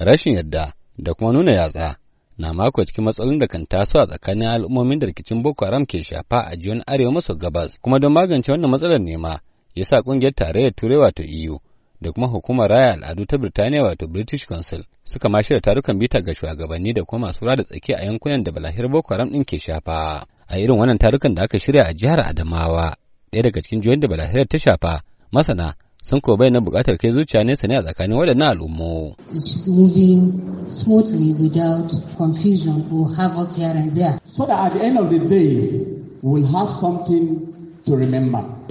rashin yadda da kuma nuna yatsa na mako cikin matsalolin da kan taso a tsakanin al'ummomin da rikicin Boko Haram ke shafa a jiyon arewa maso gabas kuma don magance wannan matsalar nema ya sa ƙungiyar tarayyar turai wato EU da kuma hukumar raya al'adu ta Birtaniya wato British Council suka ma shirya tarukan bita ga shugabanni da kuma masu da tsaki a yankunan da balahir Boko Haram ɗin ke shafa. A irin wannan tarukan da aka shirya a jihar Adamawa ɗaya daga cikin jihohin da balahir ta shafa masana sun ko bayyana buƙatar kai zuciya nesa ne a tsakanin waɗannan al'ummo. It's moving smoothly without confusion or havoc here and there. So that at the end of the day, we'll have something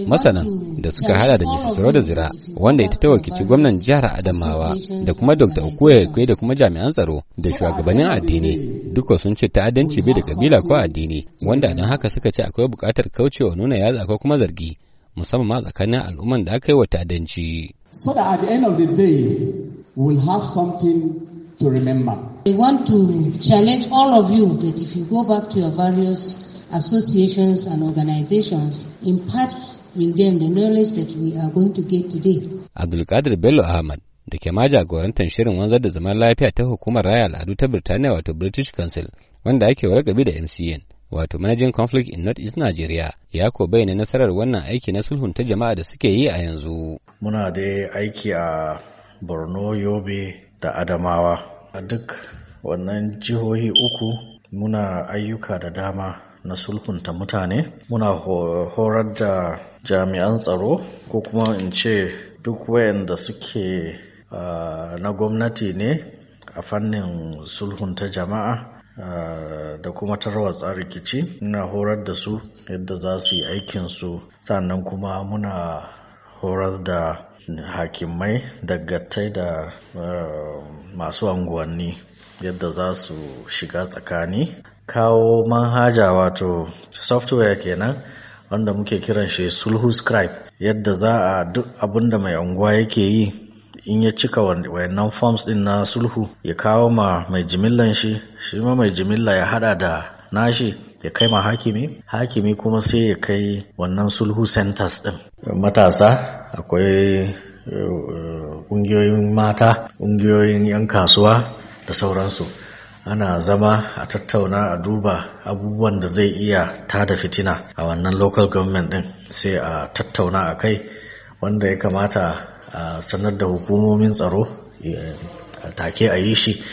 Masana da suka hada da Mrs. da Zira wanda ita ta wakilci gwamnan jihar Adamawa da kuma Dr. Okoye da kuma jami'an tsaro da shugabannin addini duka sun ce ta'addanci bai da kabila ko addini wanda don haka suka ce akwai bukatar kaucewa nuna yatsa ko kuma zargi musamman tsakanin al'umman da aka yi wa ta'addanci. So that at the end of the day, will have something to remember. I want to challenge all of you that if you go back to your various associations and organizations, impart in them the knowledge that we are going to get today. Abdulkadir Bello Ahmad da ke ma jagorantar shirin wanzar da zaman lafiya ta hukumar raya al'adu ta Birtaniya wato British Council wanda ake wargabi da MCN. wato Managing Conflict in North East Nigeria ya ko bayyana nasarar wannan aiki na sulhun ta jama'a da suke yi a yanzu. Muna da aiki a Borno, Yobe da Adamawa. A duk wannan jihohi uku muna ayyuka da dama na sulhunta mutane. Muna horar da jami'an tsaro ko kuma in ce duk wayanda suke ah, na gwamnati ne a fannin sulhunta jama'a. Ah, da kuma tarwatsa rikici muna horar da su yadda za su yi aikinsu sannan kuma muna horar da hakimai daggatai da ah, masu unguwanni yadda za su shiga tsakani kawo manhaja wato software kenan wanda muke kiran shi sulhu scribe yadda za a duk abinda mai unguwa yake yi in ya cika wayannan forms din na sulhu ya kawo ma mai jimillan shi shi ma mai jimilla ya hada da nashi ya kai ma hakimi hakimi kuma sai ya kai wannan sulhu centers din matasa akwai eh, ƙungiyoyin mata ƙungiyoyin 'yan kasuwa da sauransu ana zama a tattauna a duba abubuwan da zai iya tada fitina a wannan local government din sai a tattauna a kai wanda ya kamata a sanar da hukumomin tsaro eh, take a yi shi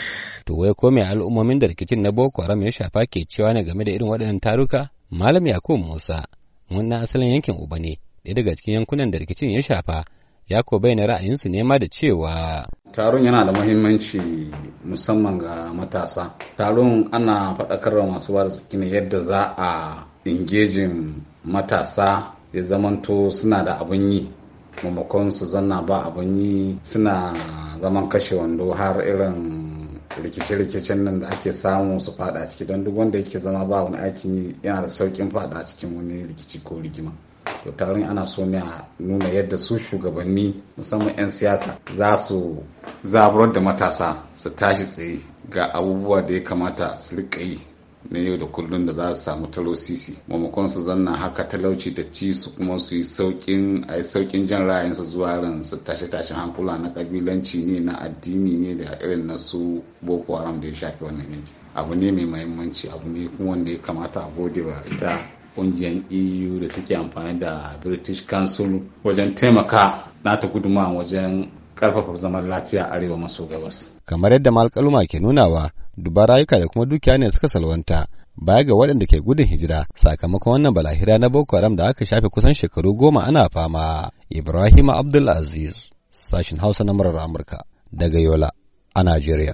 Tuwai ko mai al'ummomin da rikicin na boko haram ya shafa ke cewa ne game da irin waɗannan taruka malam yakubu musa wani asalin yankin uba ne ɗaya daga cikin yankunan da rikicin ya shafa ya ko bayyana ra'ayinsu ne ma da cewa taron yana da muhimmanci musamman ga matasa taron ana faɗakar faɗakarwa masu ba da ne yadda za a ingejin matasa ya zamanto suna da abin yi mamakon su zanna ba abun yi suna zaman kashe wando har irin rikice-rikicen nan da ake samu su fada ciki don duk wanda yake zama ba wani aikin yi yana da saukin fada cikin wani rikici ko rigima to tarin ana so ne a nuna yadda su shugabanni musamman 'yan siyasa za su zaburar da matasa su tashi tsaye ga abubuwa da ya kamata su riƙa yi na yau da kullum da za su samu talo sisi maimakon su zanna haka talauci ta ci su kuma su yi saukin a saukin jan ra'ayinsu zuwa ran su tashe tashen hankula na kabilanci ne na addini ne da irin na su boko haram da ya shafi wannan yanki abu ne mai mahimmanci abu ne kuma wanda ya kamata a gode wa ita kungiyar eu da take amfani da british council wajen taimaka nata guduma wajen karfafa zaman lafiya arewa maso gabas kamar yadda malkaluma ke nunawa duba rayuka da kuma dukiya ne suka salwanta baya ga waɗanda ke gudun hijira sakamakon wannan balahira na Boko Haram da aka shafe kusan shekaru goma ana fama. Ibrahim Abdulaziz, sashin Hausa na murar Amurka, daga Yola, a Najeriya.